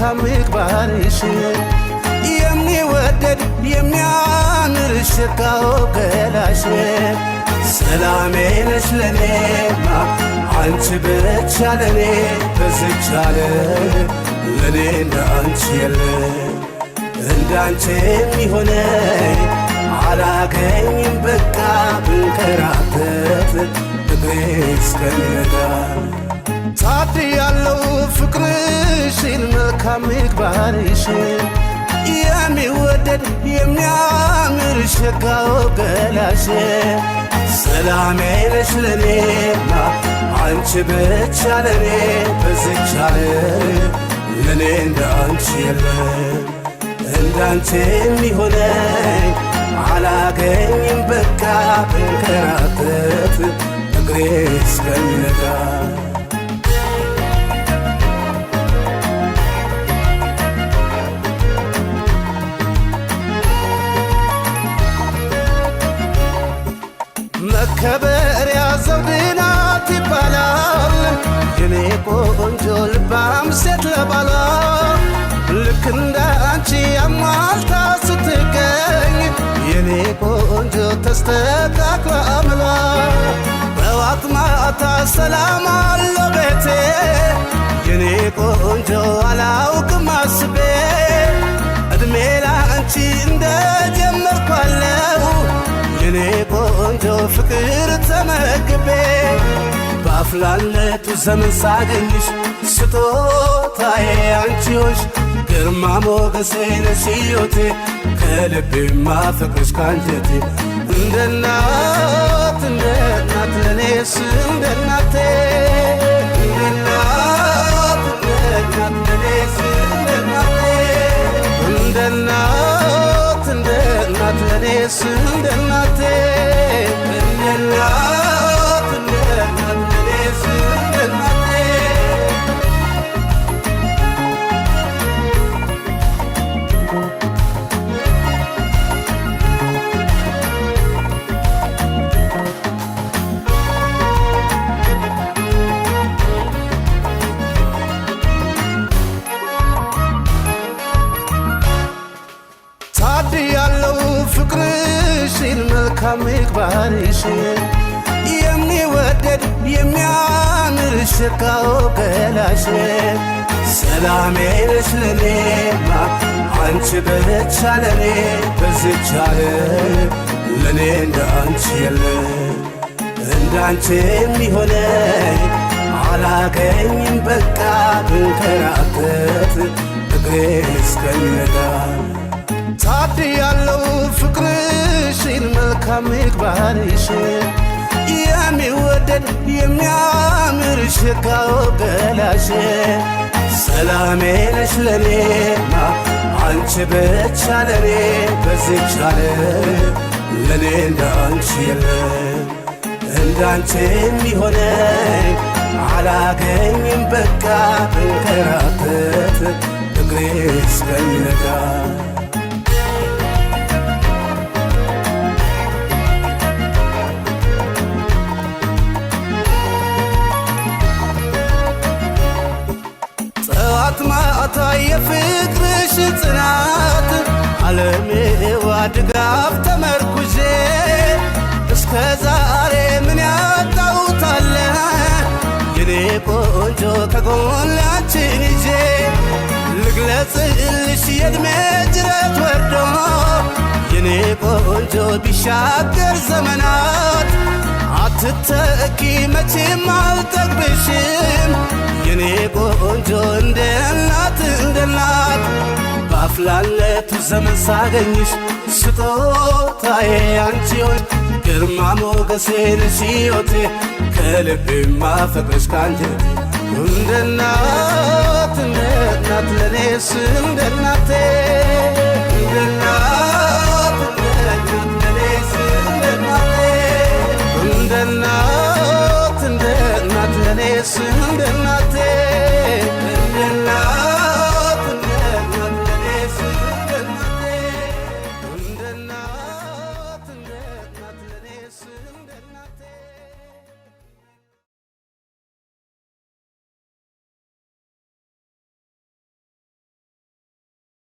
መልካም ምግባርሽ የሚወደድ የሚያምር ሽታው ገላሽ ሰላሜ ነሽ ለኔማ አንቺ ብቻ ለኔ በዝች ለኔ እንዳንቺ የለ እንዳንቺ የሚሆነ አላገኝም በቃ ብንከራተት እግሬ እስከሚነጋ ታድ ያለው ፍቅርሽን መልካም ምግባርሽን የሚወደድ የሚያምር ሸጋው ገላሽ ሰላሜ ነሽ ለኔና አንቺ ብቻ ለኔ በዝቻ ለኔ እንዳንቺ የለ እንዳንቺ የሚሆነኝ አላገኝም በቃ ብንከራተት እግሬ እስከሚነጋ መከበሪያ ዘውድናት ይባላል። የኔ ቆንጆ ልባም ሴት ለባሏ ልክ እንደ አንቺ አሟልታ ስትገኝ የኔ ቆንጆ ተስተካክላ አምሏ ጠዋት ማታ ሰላም አለው ቤቴ የኔ ቆንጆ ተመግቤ በአፍላነቱ ዘመን ሳገኝሽ ስጦታዬ አንቺዎች ግርማ ሞገሴ ነሽ ሕይወቴ ከልቤ ማፈቅርሽ ካንጀቴ እንደ እናት እንደ እናት ለኔስ እንደ እናቴ እንደ እናት እንደ እናት ለኔስ እንደ እናቴ ክብርሽ ሲል መልካም ምግባርሽ የሚወደድ የሚያምር ሽካው ገላሽ ሰላሜ ነሽ ለኔማ አንቺ ብቻ ለኔ በዝቻ ለኔ እንደ አንቺ የለ እንደ አንቺ አላገኝም በቃ ብንከራተት እግሬ እስከሚነጋ ታድያለው ፍቅር መልካም ምግባርሽ የሚወደድ የሚያምር ሽካው ገላሽ ሰላሜ ነሽ ለኔማ አንቺ ብቻ ለኔ በዚች ዓለም ለኔ እንዳንቺ የለ እንዳንቺ የሚሆነኝ አላገኝም በቃ እንከራተት እግሬ እስከሚነጋ ባለሜዋ ድጋፍ ተመርኩዜ እስከ ዛሬ ምን ያጣውታለ የኔ ቆንጆ ከጎላችን ይዤ ልግለጽልሽ የእድሜ ጅረት ወርዶ የኔ ቆንጆ ቢሻገር ዘመናት አትተኪ መቼም አልጠግብሽም የኔ ቆንጆ እንደ እናት አፍላለቱ ዘመን ሳገኝሽ ስጦታዬ አንቺዮን ግርማ ሞገሴን ሲዮቴ ከልቤማ ፍቅርሽ ካንጀቴ እንደናት ለኔስ እንደናቴ እንደናት